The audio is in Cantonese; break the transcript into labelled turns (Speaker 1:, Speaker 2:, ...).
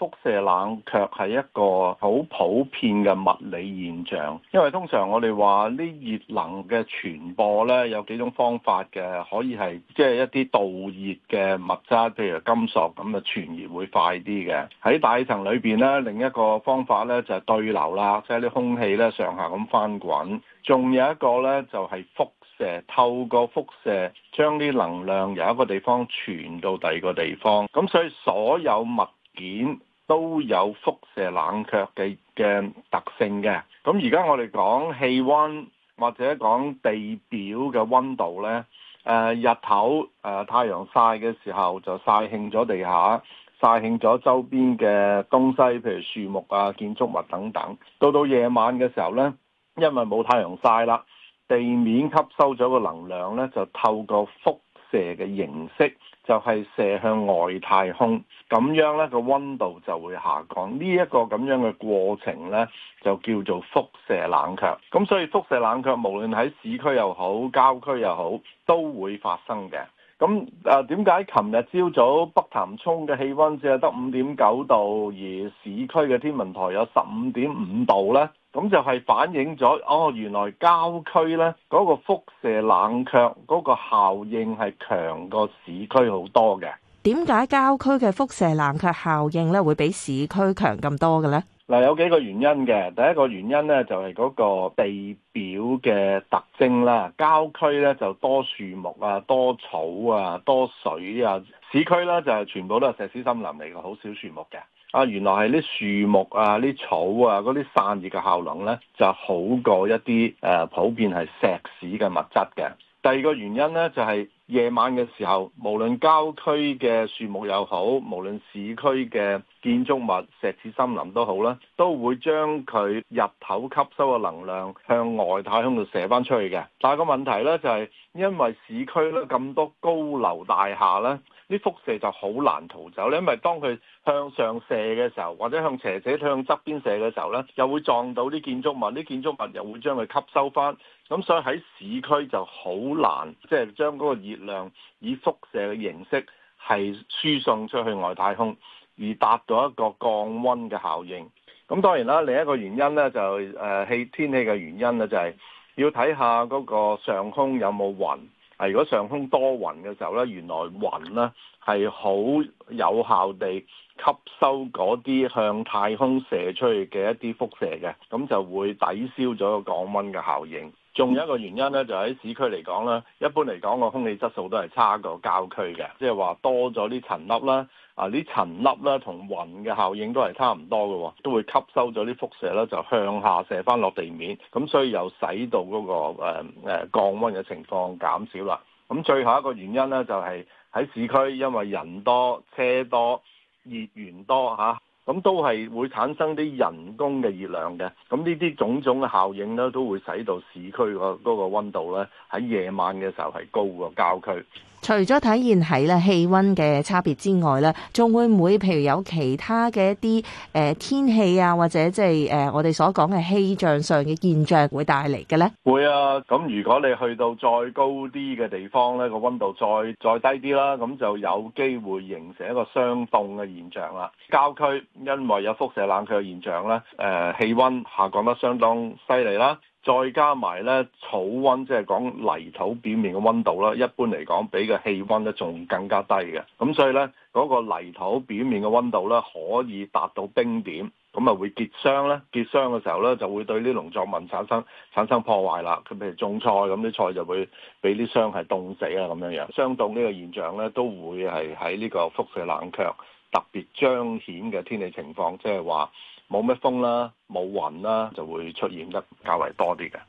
Speaker 1: 輻射冷卻係一個好普遍嘅物理現象，因為通常我哋話啲熱能嘅傳播咧有幾種方法嘅，可以係即係一啲導熱嘅物質，譬如金屬咁啊傳熱會快啲嘅。喺大氣層裏邊咧，另一個方法咧就係對流啦，即係啲空氣咧上下咁翻滾。仲有一個咧就係輻射，透過輻射將啲能量由一個地方傳到第二個地方。咁所以所有物件，都有輻射冷卻嘅嘅特性嘅。咁而家我哋講氣溫或者講地表嘅溫度呢，誒、呃、日頭誒、呃、太陽曬嘅時候就曬興咗地下，曬興咗周邊嘅東西，譬如樹木啊、建築物等等。到到夜晚嘅時候呢，因為冇太陽曬啦，地面吸收咗個能量呢，就透過輻射嘅形式就係、是、射向外太空，咁樣咧個温度就會下降。呢、這、一個咁樣嘅過程咧就叫做輻射冷卻。咁所以輻射冷卻無論喺市區又好，郊區又好，都會發生嘅。咁啊，點解琴日朝早北潭涌嘅氣溫只係得五點九度，而市區嘅天文台有十五點五度咧？咁就係反映咗，哦，原來郊區呢嗰個輻射冷卻嗰個效應係強過市區好多嘅。
Speaker 2: 點解郊區嘅輻射冷卻效應呢會比市區強咁多嘅呢？
Speaker 1: 嗱，有幾個原因嘅。第一個原因呢，就係嗰個地表嘅特徵啦。郊區呢，就多樹木啊、多草啊、多水啊。市區呢，就全部都係石屎森林嚟嘅，好少樹木嘅。啊，原來係啲樹木啊、啲草啊、嗰啲散熱嘅效能呢，就好過一啲誒、呃、普遍係石屎嘅物質嘅。第二個原因呢，就係、是、夜晚嘅時候，無論郊區嘅樹木又好，無論市區嘅建築物、石屎森林都好啦，都會將佢日頭吸收嘅能量向外太空度射翻出去嘅。但係個問題呢，就係、是、因為市區呢咁多高樓大廈呢。啲輻射就好難逃走咧，因為當佢向上射嘅時候，或者向斜斜、向側邊射嘅時候咧，又會撞到啲建築物，啲建築物又會將佢吸收翻。咁所以喺市區就好難，即係將嗰個熱量以輻射嘅形式係輸送出去外太空，而達到一個降溫嘅效應。咁當然啦，另一個原因咧就誒氣天氣嘅原因咧，就係要睇下嗰個上空有冇雲。係如果上空多雲嘅時候咧，原來雲咧係好有效地吸收嗰啲向太空射出去嘅一啲輻射嘅，咁就會抵消咗個降溫嘅效應。仲有一個原因咧，就喺市區嚟講咧，一般嚟講個空氣質素都係差過郊區嘅，即係話多咗啲塵粒啦，啊啲塵粒咧同雲嘅效應都係差唔多嘅，都會吸收咗啲輻射咧，就向下射翻落地面，咁所以又使到嗰、嗰個誒、呃、降溫嘅情況減少啦。咁最後一個原因咧，就係喺市區因為人多、車多、熱源多、啊咁都係會產生啲人工嘅熱量嘅，咁呢啲種種嘅效應咧，都會使到市區個嗰個溫度咧喺夜晚嘅時候係高過郊區。
Speaker 2: 除咗體現喺啦氣温嘅差別之外咧，仲會唔會譬如有其他嘅一啲誒、呃、天氣啊，或者即係誒我哋所講嘅氣象上嘅現象會帶嚟嘅咧？
Speaker 1: 會啊！咁如果你去到再高啲嘅地方咧，個温度再再低啲啦，咁就有機會形成一個霜凍嘅現象啦。郊區因為有輻射冷卻現象咧，誒、呃、氣温下降得相當犀利啦。再加埋咧，草温即係講泥土表面嘅温度啦，一般嚟講比個氣温咧仲更加低嘅，咁所以咧，嗰個泥土表面嘅温度咧，可以達到冰點，咁啊會結霜咧，結霜嘅時候咧就會對啲農作物產生產生破壞啦。譬如種菜咁，啲菜就會俾啲霜係凍死啊咁樣樣，霜凍呢個現象咧，都會係喺呢個輻射冷卻特別彰顯嘅天氣情況，即係話。冇乜風啦、啊，冇雲啦、啊，就會出現得較為多啲嘅。